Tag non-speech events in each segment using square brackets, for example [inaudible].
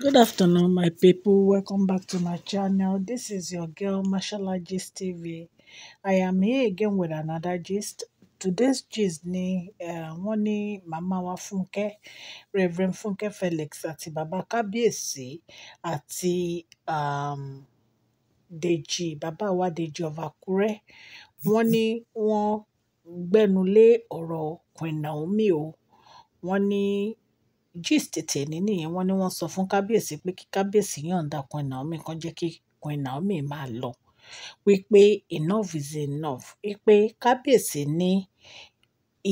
Good afternoon, my people. Welcome back to my channel. This is your girl, Mashallah Gist TV. I am here again with another gist. Today's gist ni eh, wọ́n màmá wa Fúnkẹ́, Reverend Fúnkẹ́ Felix àti bàbá Kábíyèsí àti um, Dèjì, bàbá wa Dèjì of Àkúrẹ́. Wọ́n ní benule ọ̀rọ̀ Queen Naomi o. gist tèmi nìyẹn wọ́n ní wọ́n sọ fún kábíyèsí pé kí kábíyèsí yọ̀ǹda Queen Naomi kan jẹ́ kí Queen Naomi máa lọ wípé enough is enough wípé kábíyèsí ní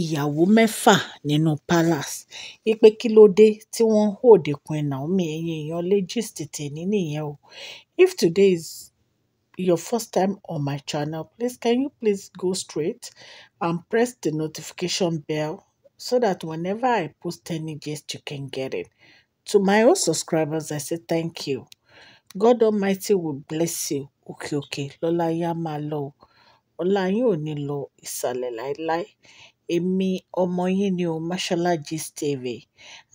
ìyàwó mẹ́fà nínú palace wípé kí ló dé tí wọ́n hòde Queen Naomi ẹ̀yìn èèyàn lé gist tèmi nìyẹn o if today is your first time on my channel, please can you please go straight and press the notification bell so that whenever I post any gist, you can get it. To my old subscribers, I say thank you. God Almighty will bless you. Okay, okay. Lola Yama Lo. Ola Yoni Lo Isale Lai Lai. Emi Omoyinio Mashallah Gist TV.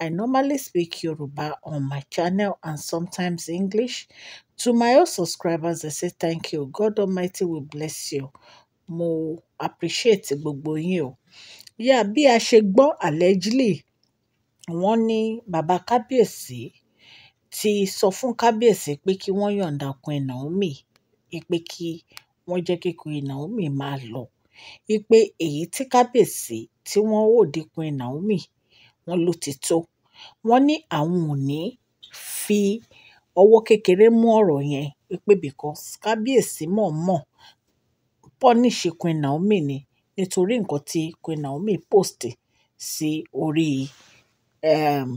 I normally speak Yoruba on my channel and sometimes English. To my old subscribers, I say thank you. God Almighty will bless you. Mo appreciate you. yá bí a ṣe gbọ́ allegedly wọ́n ní bàbá kábíyèsí ti sọ fún kábíyèsí pé kí wọ́n yọ̀ǹda Queen Naomi pé kí wọ́n jẹ́ kí Queen Naomi máa lọ pé èyí tí kábíyèsí tí wọ́n ò di Queen Naomi wọ́n ló ti tó wọ́n ní àwọn ò ní fi ọwọ́ kékeré mú ọ̀rọ̀ yẹn pé because kábíyèsí mọ̀ọ́mọ̀ pọ́nìṣì Queen ni nítorí nǹkan tí Queen Naomi post sí orí um,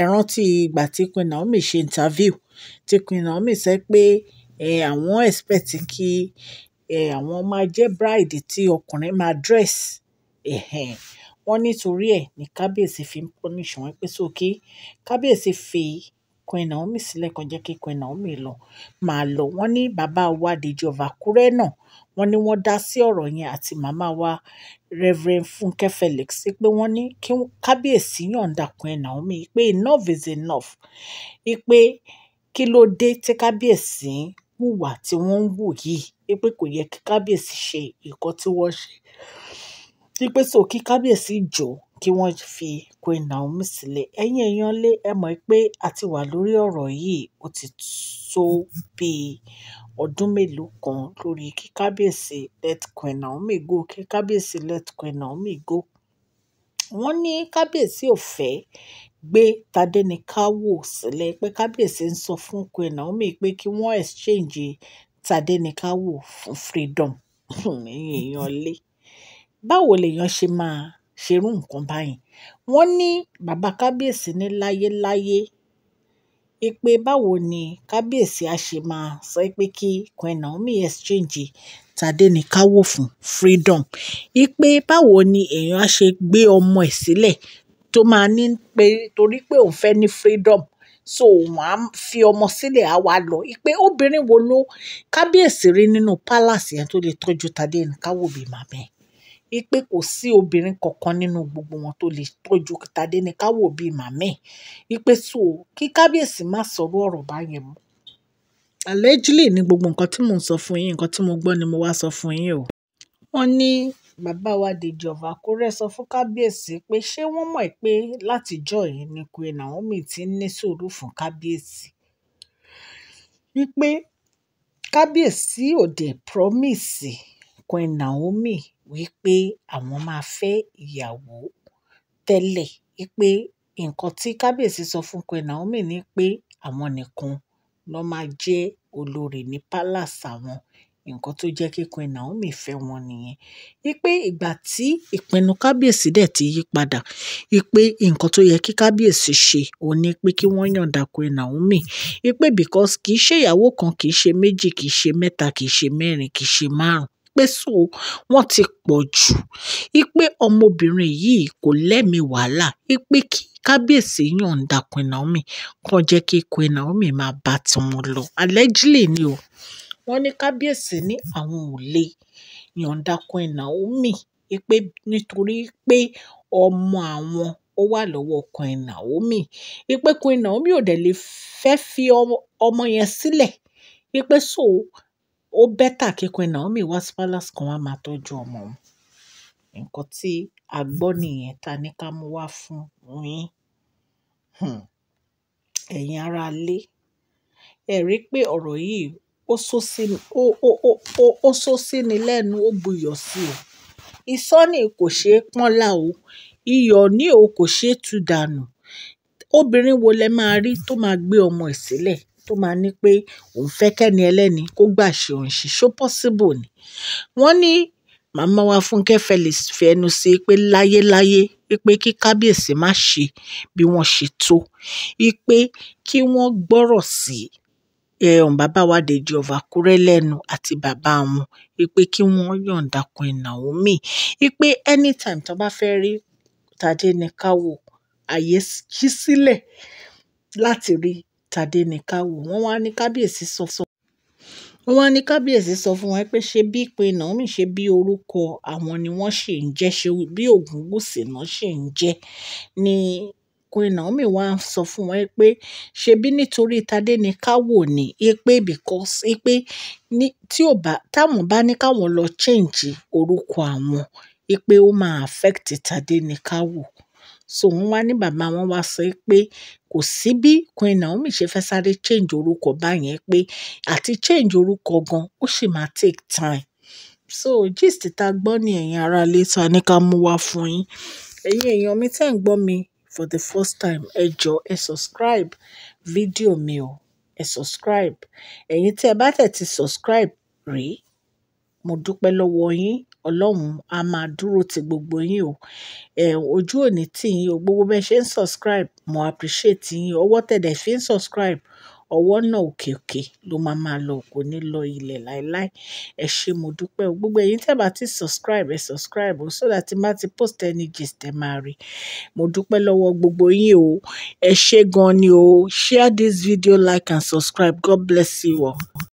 ẹ rántí ìgbà tí Queen Naomi ṣe interview tí Queen Naomi sọ pé àwọn expect kí àwọn máa jẹ́ bride tí ọkùnrin máa dress wọ́n nítorí ẹ̀ ní kábíyèsí fi ń punish wọn pé sókè kábíyèsí fi Queen Naomi sílẹ̀ kan jẹ́ kí Queen Naomi lọ máa lọ. Wọ́n ní bàbá wa Dèjì of Akure náà, wọ́n ní wọ́n dá sí ọ̀rọ̀ yẹn àti màmá wa Reverend Funke Felix pé wọ́n ní kí kábíyèsí yọ̀ǹda Queen Naomi pé enough is enough. Pé kí ló dé tí kábíyèsí hùwà tí wọ́n ń hù yìí? Pé kò yẹ kí kábíyèsí ṣe nǹkan tí wọ́n ṣe. Pé so kí kábíyèsí jọ̀ọ́ kí wọ́n fi Queen Naomi sílẹ̀. Ẹ̀yin èèyàn lé, ẹ mọ̀ pé a ti wà lórí ọ̀rọ̀ yìí, ó ti tó bí ọdún mélòó kan lórí kí Kábíyèsí let Queen Naomi go, kí Kábíyèsí let Queen Naomi go. Wọ́n ní Kábíyèsí ò fẹ́ gbé Tádéníkáwò sílẹ̀ pé Kábíyèsí ń sọ fún Queen Naomi pé kí wọ́n exchange Tádéníkáwò fún freedom. [laughs] Ẹ̀yin èèyàn lé, báwo lèèyàn ṣe máa ṣerú nǹkan báyìí wọ́n ní bàbá kábíyèsí ní láyéláyé pé báwo ni kábíyèsí a ṣe máa sọ pé kí Queen Naomi exchange tadéníkáwò fún freedom pé báwo ni èèyàn á ṣe gbé ọmọ ẹ̀ sílẹ̀ tó máa ní pé torí pé òun fẹ́ ní freedom so òun á fi ọmọ sílẹ̀ á wá lọ pé obìnrin wo ló kábíyèsí rí nínú palace yẹn tó lè tọ́jú tadéníkáwò bíi màmá ẹ̀ wípé kò sí obìnrin kankan nínú gbogbo wọn tó lè tọ́jú Tádéníkáwò bíi màmá ẹ̀. Wípé so kí kábíyèsí má sọrú ọ̀rọ̀ báyẹn mọ́. Allegedly ni gbogbo nǹkan tí mò ń sọ fún yín, nǹkan tí mo gbọ́ ni mo wá sọ fún yín o. Wọ́n ní bàbá wa Dèjì of Akure sọ fún kábíyèsí pé ṣé wọ́n mọ̀ pé látijọ́ yìí ni Queen Naomi ti ń ní sùúrù fún kábíyèsí. Wípé kábíyèsí ò dẹ̀ promise Queen Naomi wípé àwọn máa fẹ́ ìyàwó tẹ́lẹ̀. Wípé nǹkan tí Kábíyèsí sọ fún Queen Naomi ni pé àwọn nìkan ló máa jẹ́ olorì ní palace àwọn. Ǹkan tó jẹ́ kí Queen Naomi fẹ́ wọn nìyẹn. Wípé ìgbà tí ìpinnu Kábíyèsí dẹ̀ ti yípadà, wípé ǹkan tó yẹ kí Kábíyèsí ṣe, òun ní pé kí wọ́n yànda Queen Naomi. Wípé because kì í ṣe ìyàwó kan, kì í ṣe méjì, kì í ṣe mẹ́ta, kì í ṣe mẹ́rin, kì í ṣe márùn-ún pé so wọ́n ti pọ̀ jù ipe ọmọbìnrin yìí kò lẹ́mìí wàhálà ipe kí kábíyèsí yọ̀ǹda Queen Naomi kan jẹ́ kí Queen Naomi máa bá tiwọn lọ allegedly ni o wọ́n ní kábíyèsí ní àwọn ò lè yọ̀ǹda Queen Naomi pé nítorí pé ọmọ àwọn ó wà lọ́wọ́ Queen Naomi ipe Queen Naomi ò dẹ̀ lè fẹ́ fi ọmọ yẹn sílẹ̀ ipe so ó bẹ́tà kí Queen Naomi wá sí palace kan wá máa tọ́jú ọmọ òun. Nǹkan tí a gbọ́ nìyẹn ta ní ká mú wá fún yín. Hmm. Ẹ̀yin ará ilé, ẹ rí i pé ọ̀rọ̀ yìí ó só sí lẹ́nu, ó buyọ̀ sí o. Ìsọ́nì kò ṣeé pọ́nlá o. Iyọ̀ ní o kò ṣeé tú dànù. Obìnrin wo lẹ máa rí tó máa gbé ọmọ ẹ̀ sílẹ̀? tó máa ní pé òun fẹ́ kẹ́ni ẹlẹ́ni kó gbà ṣe òun ṣe ṣó possible ni. Wọ́n ní màmá wa Fúnkẹ́ Felix fi ẹnu sí pé láyéláyé pé kí kábíyèsí má ṣe bí wọ́n ṣe tó pé kí wọ́n gbọ́rọ̀ sí bàbá wa Dèjì Ọ̀vàkúrẹ́ lẹ́nu àti bàbá wọn pé kí wọ́n yọ̀ǹda Queen Naomi pé anytime tó bá fẹ́ rí Tádé Nìkáwò àyè ṣí sílẹ̀ láti rí tàdé ní ká wò. Wọ́n wá ní kábíyèsí sọ fún, wọ́n wá ní kábíyèsí sọ fún wọn pé ṣe bí Queen Naomi ṣe bí orúkọ àwọn ni wọ́n ṣì ń jẹ́, ṣe bí Ògúngúsì náà ṣì ń jẹ́. Ni Queen Naomi wá sọ fún wọn pé ṣe bí nítorí tàdé ní ká wò ni, pé because, pé ní tí ò bá, táwọn bá ní káwọn lọ change orúkọ àwọn, pé ó máa affect tàdé ní ká wò. So wọ́n wá ní bàbá wọn wá sọ pé kò sí bí Queen Naomi ṣe fẹ́ sáré change orúkọ báyẹn pé àti change orúkọ gan ó sì máa take time. So gist ta gbọ́ ni ẹ̀yin ará ilé ta ní ká mú wá fún yín. Ẹ̀yin èèyàn mi tẹ́ ń gbọ́ mi for the first time ẹ jọ ẹ subscribe fídíò mi o ẹ subscribe ẹ̀yin tí ẹ bá tẹ̀ ti subscribe rèé mo dúpẹ́ lọ́wọ́ yín Ọlọ́run a máa dúró ti gbogbo yín o. Ẹ̀, ojú ò ní yín o. Gbogbo bí ṣe ń subscribe, mo appreciate yín. Ọwọ́ tẹ́dẹ̀ fi ń subscribe, ọwọ́ náà òkè òkè ló máa máa lọ, kò ní lọ ilẹ̀ láíláí. Ẹ ṣé, mo dúpẹ́ o. Gbogbo ẹ̀yin tí bá ti subscribe, ẹ subscribe o so that tí màá ti post any gist ẹ máa rí. Mo dúpẹ́ lọ́wọ́ gbogbo yín o. Ẹ ṣé gan ni o. Share this video, like and subscribe. God bless you all.